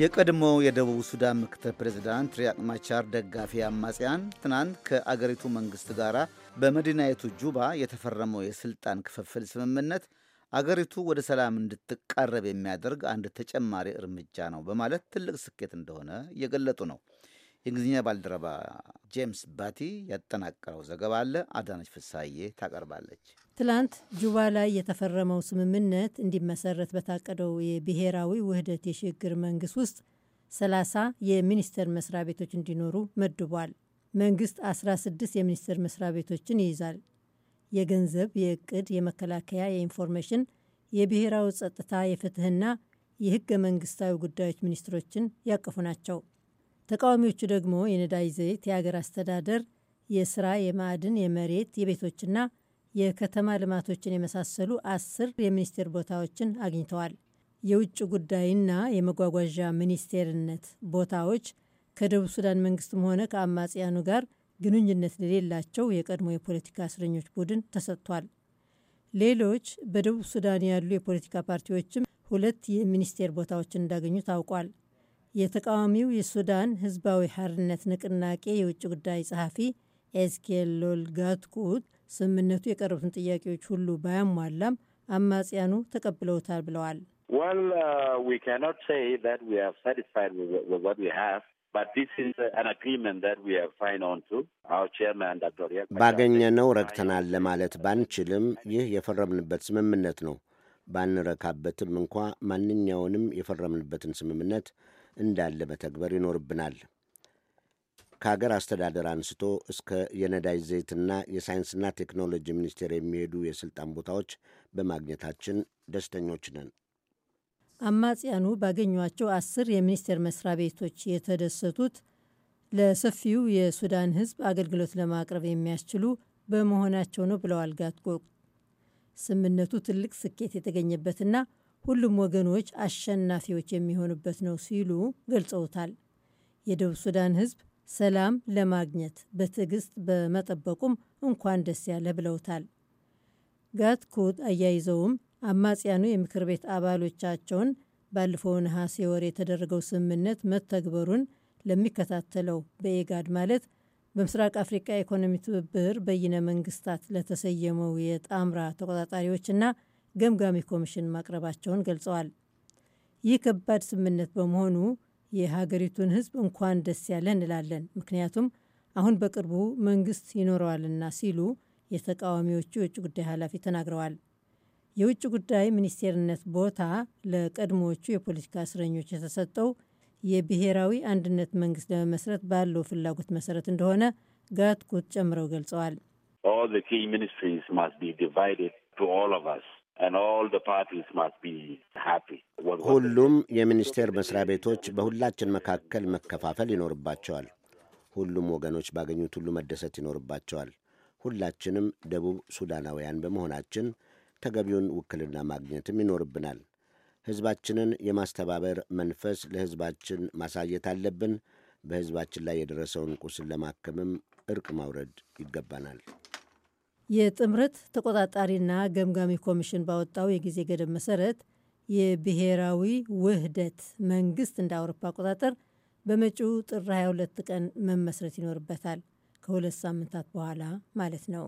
የቀድሞው የደቡብ ሱዳን ምክትል ፕሬዚዳንት ሪያቅ ማቻር ደጋፊ አማጽያን ትናንት ከአገሪቱ መንግሥት ጋር በመዲናይቱ ጁባ የተፈረመው የሥልጣን ክፍፍል ስምምነት አገሪቱ ወደ ሰላም እንድትቃረብ የሚያደርግ አንድ ተጨማሪ እርምጃ ነው በማለት ትልቅ ስኬት እንደሆነ እየገለጡ ነው። የእንግሊዝኛ ባልደረባ ጄምስ ባቲ ያጠናቀረው ዘገባ አለ። አዳነች ፍሳዬ ታቀርባለች። ትላንት ጁባ ላይ የተፈረመው ስምምነት እንዲመሰረት በታቀደው የብሔራዊ ውህደት የሽግግር መንግስት ውስጥ 30 የሚኒስቴር መስሪያ ቤቶች እንዲኖሩ መድቧል። መንግስት 16 የሚኒስቴር መስሪያ ቤቶችን ይይዛል። የገንዘብ፣ የእቅድ፣ የመከላከያ፣ የኢንፎርሜሽን፣ የብሔራዊ ጸጥታ፣ የፍትህና የህገ መንግስታዊ ጉዳዮች ሚኒስትሮችን ያቀፉ ናቸው። ተቃዋሚዎቹ ደግሞ የነዳጅ ዘይት፣ የአገር አስተዳደር፣ የስራ፣ የማዕድን፣ የመሬት፣ የቤቶችና የከተማ ልማቶችን የመሳሰሉ አስር የሚኒስቴር ቦታዎችን አግኝተዋል። የውጭ ጉዳይና የመጓጓዣ ሚኒስቴርነት ቦታዎች ከደቡብ ሱዳን መንግስትም ሆነ ከአማጽያኑ ጋር ግንኙነት ለሌላቸው የቀድሞ የፖለቲካ እስረኞች ቡድን ተሰጥቷል። ሌሎች በደቡብ ሱዳን ያሉ የፖለቲካ ፓርቲዎችም ሁለት የሚኒስቴር ቦታዎችን እንዳገኙ ታውቋል። የተቃዋሚው የሱዳን ህዝባዊ ሐርነት ንቅናቄ የውጭ ጉዳይ ጸሐፊ ኤስኬል ሎልጋትኩት ስምምነቱ የቀረቡትን ጥያቄዎች ሁሉ ባያሟላም አማጽያኑ ተቀብለውታል ብለዋል። uh, ባገኘነው ረክተናል ለማለት ባንችልም ይህ የፈረምንበት ስምምነት ነው። ባንረካበትም እንኳ ማንኛውንም የፈረምንበትን ስምምነት እንዳለ መተግበር ይኖርብናል። ከአገር አስተዳደር አንስቶ እስከ የነዳጅ ዘይትና የሳይንስና ቴክኖሎጂ ሚኒስቴር የሚሄዱ የስልጣን ቦታዎች በማግኘታችን ደስተኞች ነን። አማጽያኑ ባገኟቸው አስር የሚኒስቴር መስሪያ ቤቶች የተደሰቱት ለሰፊው የሱዳን ሕዝብ አገልግሎት ለማቅረብ የሚያስችሉ በመሆናቸው ነው ብለዋል ጋትጎ። ስምምነቱ ትልቅ ስኬት የተገኘበትና ሁሉም ወገኖች አሸናፊዎች የሚሆኑበት ነው ሲሉ ገልጸውታል። የደቡብ ሱዳን ህዝብ ሰላም ለማግኘት በትዕግስት በመጠበቁም እንኳን ደስ ያለህ ብለውታል። ጋትኩት አያይዘውም አማጽያኑ የምክር ቤት አባሎቻቸውን ባለፈው ነሐሴ ወር የተደረገው ስምምነት መተግበሩን ለሚከታተለው በኤጋድ ማለት በምስራቅ አፍሪቃ ኢኮኖሚ ትብብር በይነ መንግስታት ለተሰየመው የጣምራ ተቆጣጣሪዎችና ገምጋሚ ኮሚሽን ማቅረባቸውን ገልጸዋል። ይህ ከባድ ስምምነት በመሆኑ የሀገሪቱን ሕዝብ እንኳን ደስ ያለ እንላለን፣ ምክንያቱም አሁን በቅርቡ መንግስት ይኖረዋልና ሲሉ የተቃዋሚዎቹ የውጭ ጉዳይ ኃላፊ ተናግረዋል። የውጭ ጉዳይ ሚኒስቴርነት ቦታ ለቀድሞዎቹ የፖለቲካ እስረኞች የተሰጠው የብሔራዊ አንድነት መንግስት ለመመስረት ባለው ፍላጎት መሰረት እንደሆነ ጋትኩት ጨምረው ገልጸዋል። ሁሉም የሚኒስቴር መስሪያ ቤቶች በሁላችን መካከል መከፋፈል ይኖርባቸዋል። ሁሉም ወገኖች ባገኙት ሁሉ መደሰት ይኖርባቸዋል። ሁላችንም ደቡብ ሱዳናውያን በመሆናችን ተገቢውን ውክልና ማግኘትም ይኖርብናል። ሕዝባችንን የማስተባበር መንፈስ ለሕዝባችን ማሳየት አለብን። በሕዝባችን ላይ የደረሰውን ቁስል ለማከምም እርቅ ማውረድ ይገባናል። የጥምረት ተቆጣጣሪና ገምጋሚ ኮሚሽን ባወጣው የጊዜ ገደብ መሰረት የብሔራዊ ውህደት መንግስት እንደ አውሮፓ አቆጣጠር በመጪው ጥር 22 ቀን መመስረት ይኖርበታል። ከሁለት ሳምንታት በኋላ ማለት ነው።